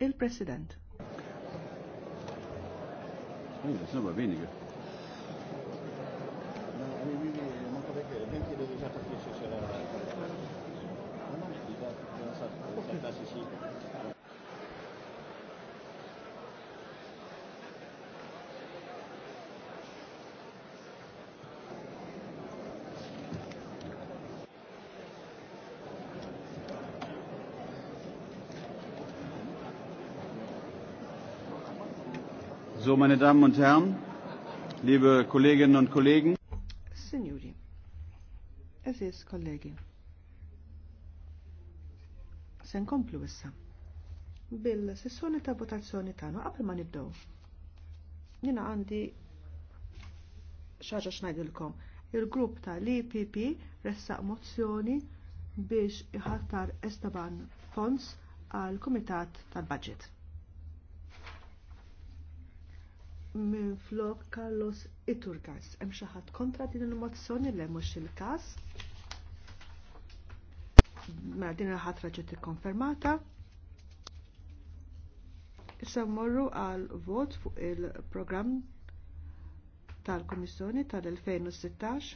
Il-President. Il-President. So, meine Damen und Herren, liebe Kolleginnen und Kollegen. Signori, es ist kollegi. Sen komplu issa. se sessjoni ta' votazzjoni no qabel ma nibdew. Jiena għandi xaġa xnajdilkom. Il-grupp ta' l-IPP ressaq mozzjoni biex iħattar Estaban Fons għal Kumitat tal-Budget. minn flok Carlos Iturgas. Hemm xi ħadd kontra din il-mozzjoni li mhux il-każ. Mela din il-ħatra ġiet ikkonfermata. Issa mmorru għal vot fuq il-programm tal-Kummissjoni tal-2016